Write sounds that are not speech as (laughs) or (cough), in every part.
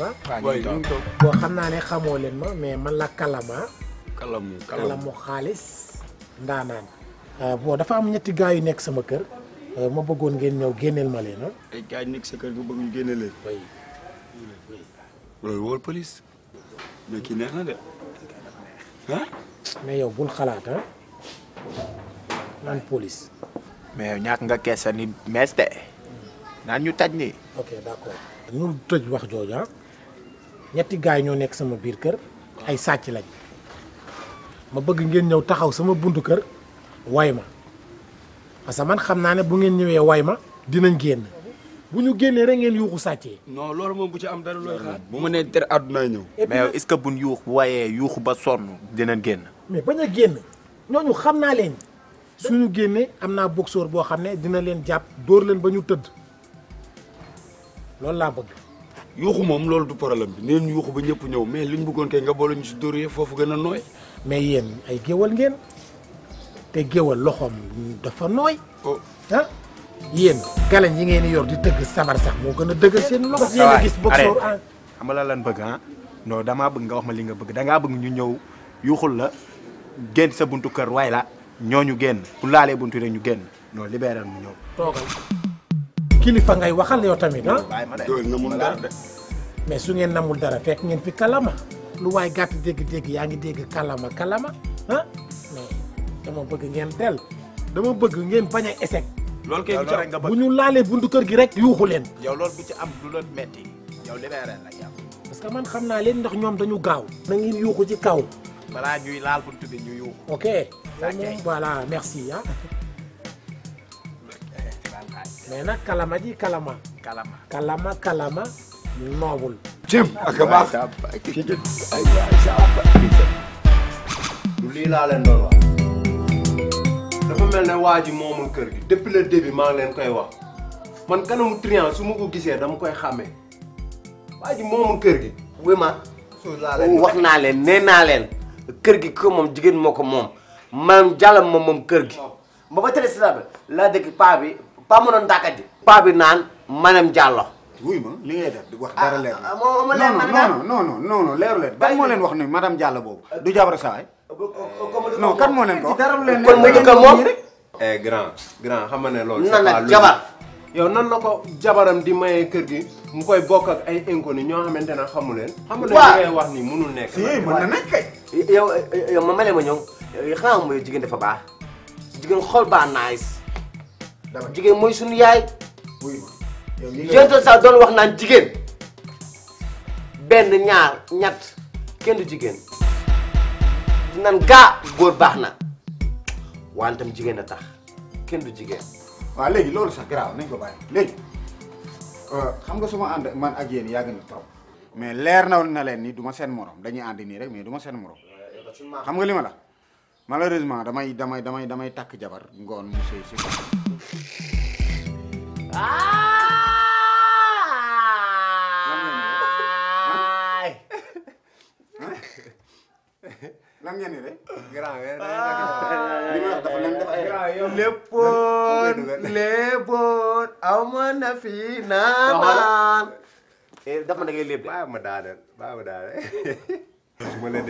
tooga boo xam naa ne xamoo leen ma mais man la kalama kalamu kalamu xaalis ndaanaan euh, bon dafa am ñetti gars yu nekk sama kër euh, ma bëggoon ngeen ñëw génneel ma leen ah ay gars sa kër nga génne leen loolu wool police mais kii neex bul xalaat ah naan police mais yow nga keesa ni mees de naan ñu taj nii ok d'accord ñu tëj wax jooju ah. ñetti gaay ñoo nekk sama biir kër ay sacc lañ ma bëgg ngeen ñëw taxaw sama buntu kër way ma parce que man xam naa ne bu ngeen ñëwee way ma dinañ génn bu ñu génnee rek ngeen yuuxu sàccee. non loolu moom bu ci am dara looy xaar. bu ma nee ter àdduna ñëw. mais yow est-ce que buñ yuux waaye yuux ba sonn dinañ génn. mais bañ a génn ñooñu xam naa leen suñu génnee am naa boxeur boo xam ne dina leen jàpp dóor leen ba ñu tëdd loolu laa bëgg. yuuxu moom loolu du problème bi neen yuuxu ba ñëpp ñëw mais liñ bëggoon kay nga boole ñu si dóor yi foofu gën a nooy mais yéen ay géwal ngeen te géwal loxoom dafa nooy oh. ah yéen galañ yi ngeen yor di tëgg sabar sax moo gën a dëgg seen a gis boxeur ah xam la lan bëgg ah non damaa bëgg nga wax ma li nga bëgg dangaa bëgg ñu ñëw yuuxul la génn sa buntu kër waaye la ñooñu génn bu laalee buntu rek ñu génn non libéral mu ñëw toogal kilifa ngay waxal yow tamit ah. waaye man mais su ngeen namul dara fekk ngeen fi kalama lu way gatt deg deg yaa ngi dégg kalama kalama ah mais dama bëgg ngeen teel dama bëgg ngeen baña a échec. loolu kay bu nga bu ñu laalé buntu kër gi rek yuuxu leen. yow loolu bu ci am du la metti yow libéré la yaa parce que man xamna leen ndax ñom dañu gaaw. na ngeen yuuxu ci kaw. bala ñuy laal buntu bi ñu yuuxu. ok voilà merci ah. (laughs) mais nag kalama di kalama. kalama kalama kalama. معقول جيم akaba ci jël ay du lii laa leen doon wax mel ne waa ji moomul kër gi depuis le début maa ngi leen koy wax man kanamu triant su ma ko gisee dama koy xàmmee waa ji moomul kër gi oui ma wax naa leen nee naa leen kër gi ko moom jigéen moo ko moom maanaam moom kër gi ba ba tëre si laa dëkk paa bi paa mënoon dàkkat bi naan maanaam jàllo wuy ma li ngay def di wax dara ah, leer ah, na non noonu non non leen moo leen wax ni madame Diallo boobu du jabar saay ah, non kan moo leen ko dara kon dëgg ka moom rek eh, grand grand xam nga ne loolu nan la jabar yow nan la ko jabaram di may kër gi mu koy bokk ak ay inconnu ñoo xamante ne xamu leen xam nga li ngay wax ni nekk mën na nekk kay yow ma male ma ñoom xanaa mooy jigéen dafa baax jigéen xool baa nice jigéen mooy suñu yaay yow sa doon wax naan jigen ben ñaar ñett kenn du jigen dinan ga góor baxna na wantam jigen a tax kenn du jigen wa léegi loolu sax garaaw nañ ko bàyyi léegi euh, xam nga suma ànd man ak yéen yàgg na trop mais leer na na len ni duma sen morom dañuy ànd ni rek mais duma sen morom xam nga li la malheureusement damay damay damay damay tak jabar ngoon monsieur sëy lan ngeen ni de grand lima ma wax dafa leen def ay léppoon léppoon aw ma na fi naanaan ba ma da ngay lépp de baa ma daaneel baa ma daaneel bu ni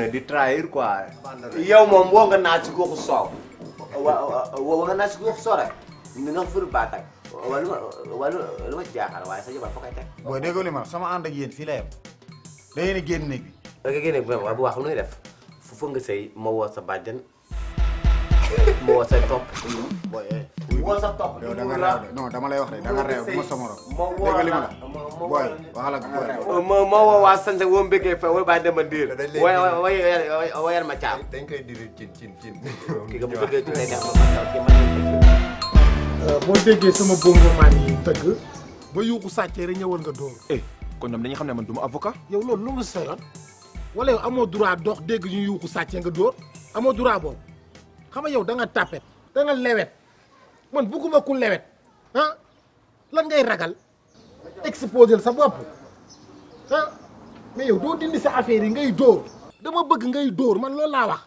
nu di trahir quoi yow mau woo nga naa ci wa wa nga naa ci goxu soow wala wala lu ma jaaxal waaye sa jabar foo koy teg. booy déggoo li ma sama ànd ak yéen fii ini yem da ngeen di génn néeg bi. da ngeen génn bu waaw bu baax lu ñuy def fu nga sëy ma woo sa bàjjen ma woo sa topp. booy woo sa topp. yow da nga reew de non dama lay wax de da nga reew bu ma somoro. dégg nga li ma la booy waxal ak booy. ma ma woo waa sant woo mbékkee fa wala bàyyi dama diir. wa ma caam. dañ koy diri cin cin cin. kii nga bu bëggee dina def ma boo déggee sama bongo maan yi tëgg ba yuuxu sàccee rek ñëwal nga dóor. eh kon ñoom dañuy xam ne man du ma avocat. yow loolu lu ma sa yoon wala yow amoo droit dox dégg ñu yuuxu sàccee nga dóor amoo droit boobu xam nga yow da nga tàppet da man bugguma ku lewet ah, lan ngay ragal exposer sa bopp ah mais yow doo dindi sa affaire yi ngay dóor dama bëgg ngay dóor man loolu laa wax.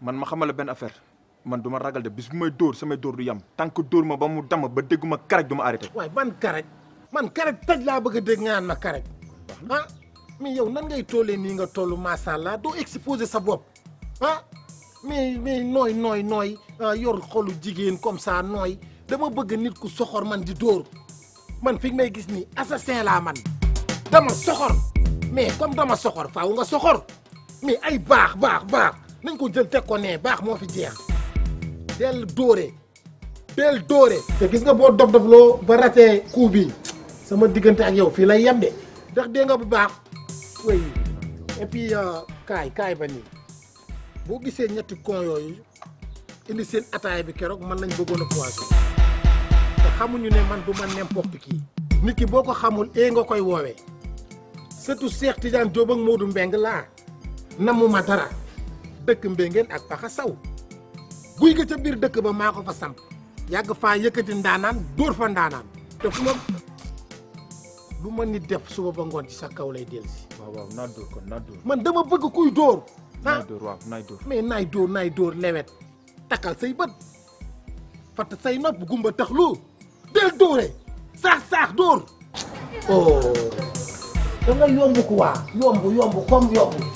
man ma xamal la benn affaire. man du ma ragal de bis bu may dóor samay dóor du yam tant que dóor ma ba mu dama ba dégguma karaj du ma arrêté. waaye ban karaj man karaj taj laa bëgg a dégg nga naan ma karaj ah mais yow nan ngay tollee nii nga toll macha allah doo exposer sa bopp ah mi mais nooy nooy nooy ah, yor xolu jigéen comme ça nooy dama bëgg nit ku soxor man di dóor man fi may gis ni assasin laa man dama soxor mais comme dama soxor faaw nga soxor mais ay baax baax baax nañ ko jël te ko nee baax moo fi jeex. del dore del dore te gis nga bo dof dof lo ba raté coup bi sama digënté ak yow fi lay yam dé ndax dé nga bu baax way et puis euh, kay kay ba ni bo gisé ñetti coin yoy indi seen attaay bi kérok man lañ bëggono a poisé te xamuñu né man du man n'importe qui nit ki boko ko xamul é eh, nga koy woowee surtout Cheikh Tidiane Diop ak Modou Mbeng la namu matara dara dëkk Mbengeen ak Paxa Saw guy ga ca biir dëkk ba maa ko fa samp yàgg faa yëkkati ndaanaan dóor fa ndaanaan te fu ma lu ma nit def suba ba ngoon ci sa kaw lay dellusi. waaw waaw naa man dama bëgg kuy dóor. naay ah. dóor waaw naay dóor. mais dóor lewet takkal say bët fatt say nopp gumba tax lu del dóore saax saax dóor. oh. da nga yomb quoi yomb yomb comme yomb.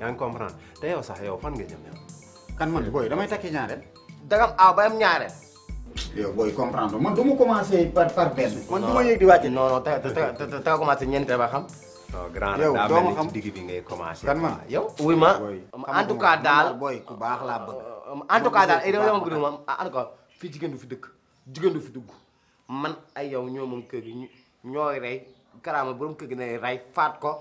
yaa ngi comprendre te yow sax yow fan nga jëm yow. kan man booy damay takki ñaareel. dagam aw ba am yow booy comprendre man du ma commencé par par man du ma yëg di wàcc. non non te te te te commencé ñeente ba xam. yow wuy ma en tout daal booy ku baax laa bëgg. en tout daal ay dama dama ma en tout cas fii jigéen du fi dëkk jigéen du fi dugg man ay yow ñoo moom kër gi ñooy rey. karaama borom kër gi ne rey faat ko.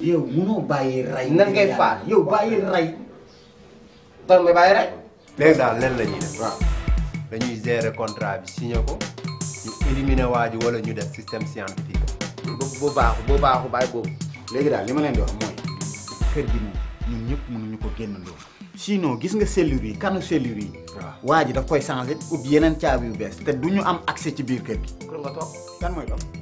yow munoo bàyyi rey. nan ngay faat yow bàyyi rey. tool may bàyyi rey. léegi daal lenn la ñuy def bi signé ko ñu éliminer waa ji wala ñu def système scientifique. boo baaxu boo baaxu bàyyi boobu. léegi daal li ma leen di wax mooy kër gi moom mu ñëpp mënuñu ko génnandoo. sinon gis nga cellule yi kanu cellule yi. waaw waa ji daf koy changé ubbi yeneen caabi yu bees. te du ñu am accès ci biir kër gi. nga toog kan mooy toog.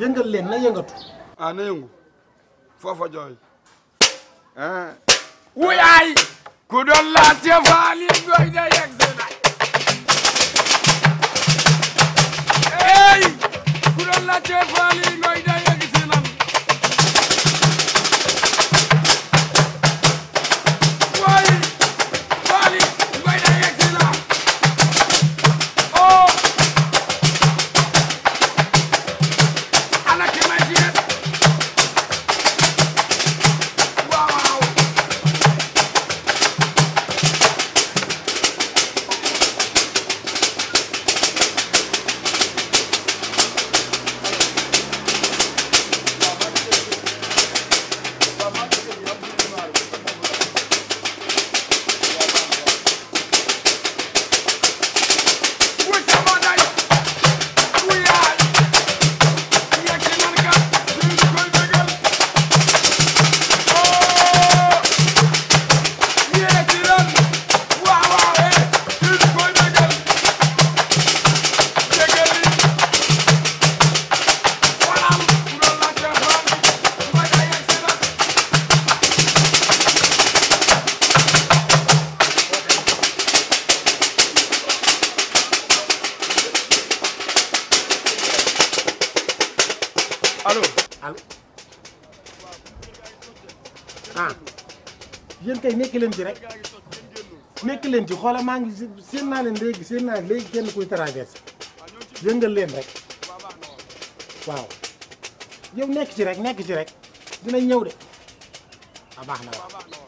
yëngal leen na yëngatu ah na yëngu foofa jooy eh. wuyaay ku doon laajte faali jooy da yegg si na ey ku doon laajte faali jooy da kay nekk leen ci rek nekk leen ci xoola maa ngi seen naa leen léegi seen naa léegi kenn kuy traversé yëngal leen rek waaw yow nekk ci rek nekk ci rek dinañ ñëw de a ah, baax na waaw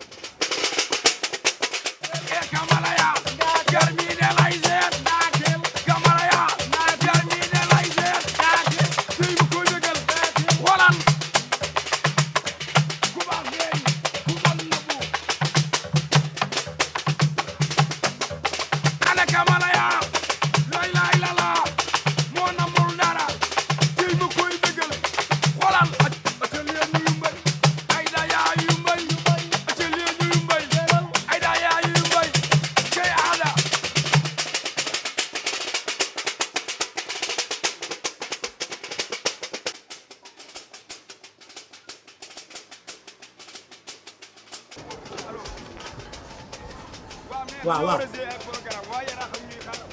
waaw waaw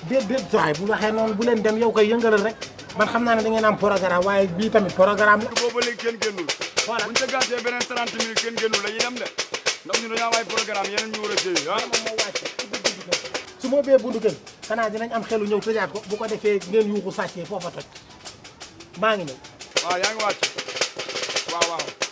déet déet saay bu waxee noonu bu leen dem yow koy yëngalal rek man xam naa ne da ngeen am programme waaye bii tamit programme la. boobu léegi kenn génnul. voilà buñ ca gàccee beneen 30 minutes kenn génnul la ñuy dem de ndax ñu dañoo am ay programme yeneen ñu war a séy ah. su ma bee bundu gën xanaa dinañ am xelu ñëw tëjaat ko bu ko defee ngeen yuuxu sàccee foofa toj maa ngi ñëw. waaw yaa ngi wàcc waaw.